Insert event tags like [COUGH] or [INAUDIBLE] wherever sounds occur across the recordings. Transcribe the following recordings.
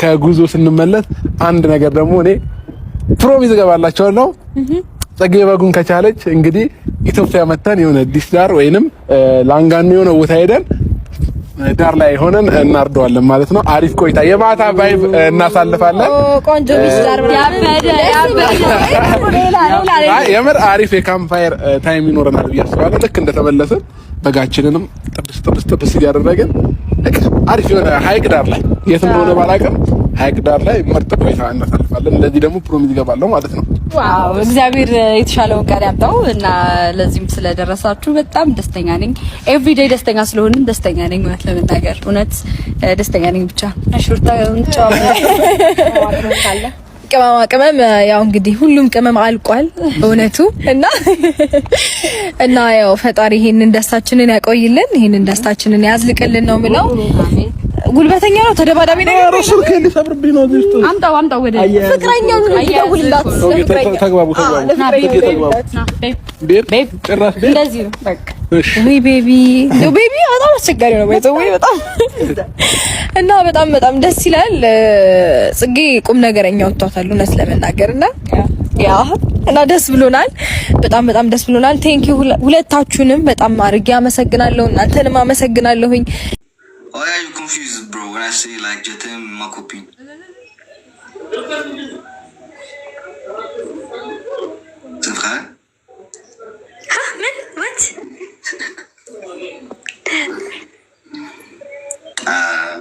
ከጉዞ ስንመለስ አንድ ነገር ደግሞ እኔ ፕሮሚዝ እገባላችኋለሁ። ጸጌ በጉን ከቻለች እንግዲህ ኢትዮጵያ መተን የሆነ ዲስ ዳር ወይንም ላንጋኖ የሆነ ቦታ ሄደን ዳር ላይ ሆነን እናርደዋለን ማለት ነው። አሪፍ ቆይታ የማታ ቫይብ እናሳልፋለን። ቆንጆ የምር አሪፍ የካምፕ ፋየር ታይም ይኖረናል ብዬ አስባለሁ ልክ እንደተመለስን በጋችንንም ጥብስ ጥብስ ጥብስ እያደረግን አሪፍ የሆነ ሀይቅ ዳር ላይ የትም ሆነ ባላውቅም ሀይቅ ዳር ላይ ምርጥ ቆይታ እናሳልፋለን። ለዚህ ደግሞ ፕሮሚዝ ይገባለሁ ማለት ነው። ዋው እግዚአብሔር የተሻለውን ቃል ያምጣው እና ለዚህም ስለደረሳችሁ በጣም ደስተኛ ነኝ። ኤቭሪዴይ ደስተኛ ስለሆንም ደስተኛ ነኝ። እውነት ለመናገር እውነት ደስተኛ ነኝ። ብቻ ሹርታ አሹርታ ጫ ቅመማ ቅመም ያው እንግዲህ ሁሉም ቅመም አልቋል እውነቱ እና [LAUGHS] እና ያው ፈጣሪ ይሄንን ደስታችንን ያቆይልን፣ ይሄንን ደስታችንን ያዝልቅልን ነው ምለው። ጉልበተኛ ነው፣ ተደባዳቢ ነው። ነው። አምጣው አምጣው ወደ ፍቅረኛው ይደውልላት። ተግባቡ ተግባቡ። እንደዚህ ነው በቃ ወይ ቤቢ ቤቢ በጣም አስቸጋሪ ነው። ወይ በጣም [LAUGHS] እና በጣም በጣም ደስ ይላል። ጽጌ ቁም ነገረኛ ወጥቷታል እውነት ለመናገር እና ያ እና ደስ ብሎናል። በጣም በጣም ደስ ብሎናል። ቴንክ ዩ ሁለታችሁንም በጣም አድርጌ አመሰግናለሁ። እናንተንም አመሰግናለሁኝ። Why are you confused, bro? When I say like jetem makopi. C'est vrai? Huh? Man, what? uh,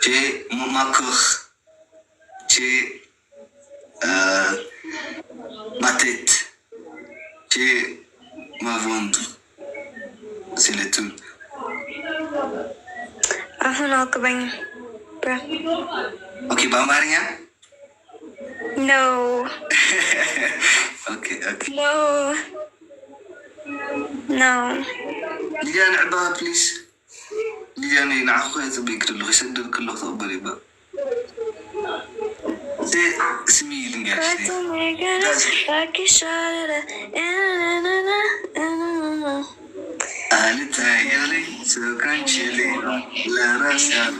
j'ai ma cour. አሁን አቅበኝ። ኦኬ፣ በአማርኛ ነው። ኦኬ፣ ኦኬ፣ ነው ነው። ሊድያ ንዕባ ክሰድር ከለኹ ተቕበል ይባ ስሚ ልንጋሽ alitayari tukachelewa lara sana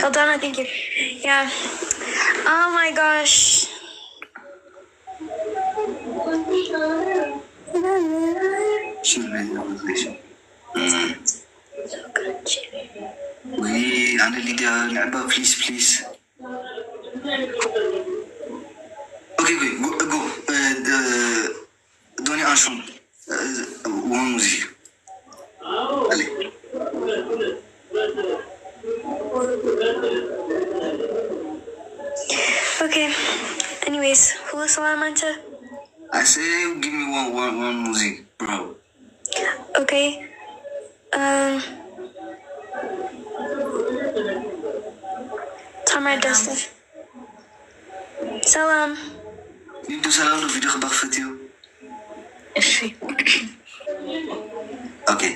Hold on, I think you. Yeah. Oh my gosh. Anyways, who is Salam I said give me one, one, one music, bro. Okay. Um. Tamar Dustin. Salam. Ik doe salam of video gebracht voor jou. Okay.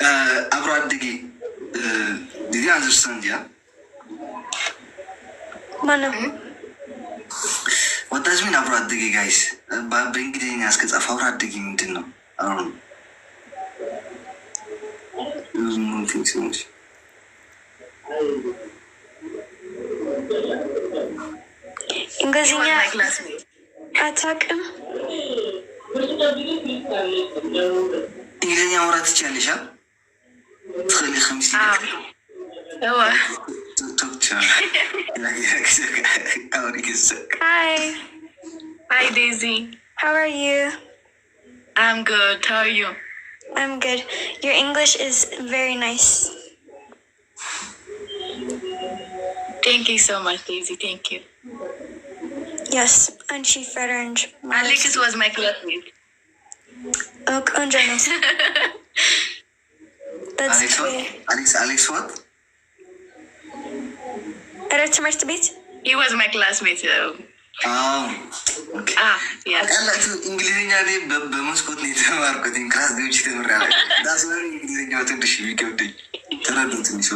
Uh, you understand, ዲዲ አንደርስታንድ ያ ማነው? ዳዝሚን አብሮ አደጌ ጋይስ በእንግሊዝኛ እስከጻፈ አብሮ አደጌ ምንድን ነው? እንግሊዝኛ አታውቅም? እንግሊዝኛ ማውራት ትችያለሽ? Hi, Daisy. How are you? I'm good. How are you? I'm good. Your English is very nice. Thank you so much, Daisy. Thank you. Yes, and she orange. Alex was my classmate. Ok, Andreas. [LAUGHS] That's Alex what? Alex, Alex what? Er heeft He was my classmate. So. Uh, ያላችሁ እንግሊዝኛ በመስኮት ነው የተማርኩት። ክላስ ገብቼ ተምሬያለሁ። እንግሊዝኛ ትንሽ የሚገብደኝ ተረዱት። ሚስ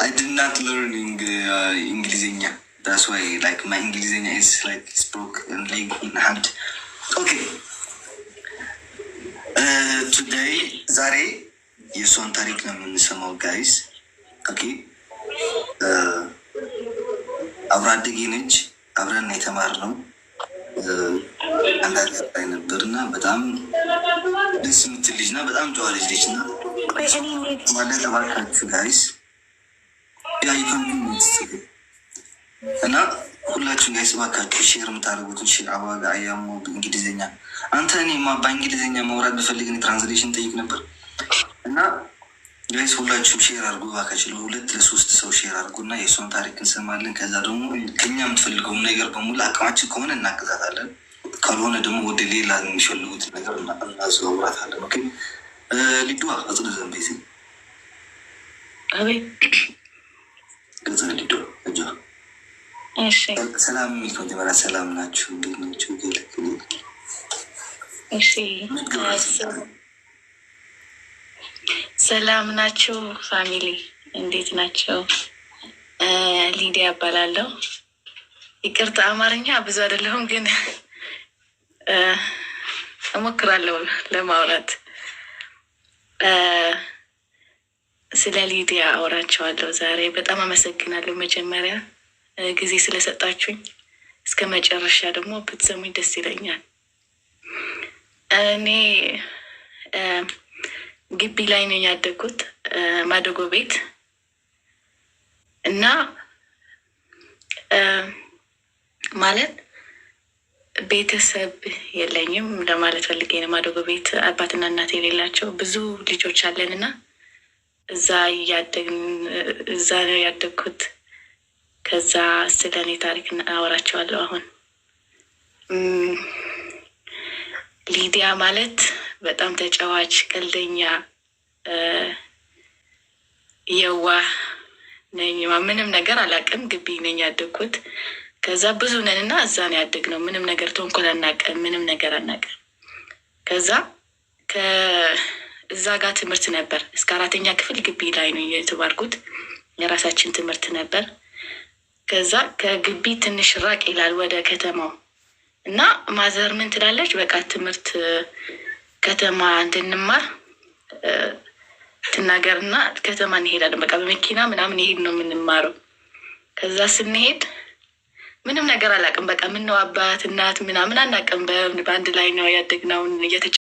አይ ዲድ ናት ለርኒንግ እንግሊዝኛ ዳስ ዋይ ላይክ ማይ እንግሊዝኛ ኢዝ ላይክ ስፖክ ሊንግ ኢን ኦኬ ቱዴይ ዛሬ የእሷን ታሪክ ነው የምንሰማው ጋይስ ኦኬ uh, አብረ አደጌ ነች። አብረን የተማርነው አንዳንድ ላይ ነበር እና በጣም ደስ የምትል ልጅ እና በጣም ጨዋ ልጅ ልጅ እና ማለት እባካችሁ ጋይስ እና ሁላችሁን ጋይስ እባካችሁ ሼር የምታደርጉትን ሽ አዋጋ አያሞ እንግሊዝኛ አንተ እኔ በእንግሊዝኛ መውራት ብፈልግ ትራንስሌሽን ጠይቅ ነበር እና ጋይስ ሁላችሁም ሼር አድርጉ ባካችሉ፣ ሁለት ለሶስት ሰው ሼር እና የእሷን ታሪክ እንሰማለን። ከዛ ደግሞ ከኛ የምትፈልገውን ነገር በሙሉ አቅማችን ከሆነ እናገዛታለን፣ ካልሆነ ደግሞ ወደ ሌላ የሚፈልጉት ነገር እናዘውራታለን። ኦኬ ሊዱ ዘንቤ ዘንቤት ገጽነ ሊድዋ እጇ ሰላም ሚት መጀመሪያ ሰላም ናችሁ? እንዴት ናችሁ? ገለክ እሺ ሰላም ናችሁ ፋሚሊ፣ እንዴት ናቸው? ሊዲያ እባላለሁ። ይቅርታ አማርኛ ብዙ አይደለሁም፣ ግን እሞክራለሁ ለማውራት። ስለ ሊዲያ አወራቸዋለሁ ዛሬ። በጣም አመሰግናለሁ መጀመሪያ ጊዜ ስለሰጣችሁኝ። እስከ መጨረሻ ደግሞ ብትሰሙኝ ደስ ይለኛል እኔ ግቢ ላይ ነው ያደግኩት ማደጎ ቤት እና ማለት ቤተሰብ የለኝም ለማለት ፈልጌ ነው። ማደጎ ቤት አባትና እናት የሌላቸው ብዙ ልጆች አለን እና እዛ እያደግን እዛ ነው ያደግኩት። ከዛ ስለ እኔ ታሪክ አወራቸዋለሁ። አሁን ሊዲያ ማለት በጣም ተጫዋች፣ ቀልደኛ፣ የዋህ ነኝ። ምንም ነገር አላውቅም። ግቢ ነኝ ያደግኩት። ከዛ ብዙ ነን እና እዛ ነው ያደግነው። ምንም ነገር ተንኮል አናውቅም። ምንም ነገር አናውቅም። ከዛ ከእዛ ጋር ትምህርት ነበር እስከ አራተኛ ክፍል ግቢ ላይ ነው የተማርኩት። የራሳችን ትምህርት ነበር። ከዛ ከግቢ ትንሽ ራቅ ይላል ወደ ከተማው እና ማዘር ምን ትላለች፣ በቃ ትምህርት ከተማ እንድንማር ትናገርና ከተማ እንሄዳለን። በቃ በመኪና ምናምን ይሄድ ነው የምንማረው። ከዛ ስንሄድ ምንም ነገር አላውቅም። በቃ ምነው አባት እናት ምናምን አናውቅም። በአንድ ላይ ነው ያደግነውን እየተ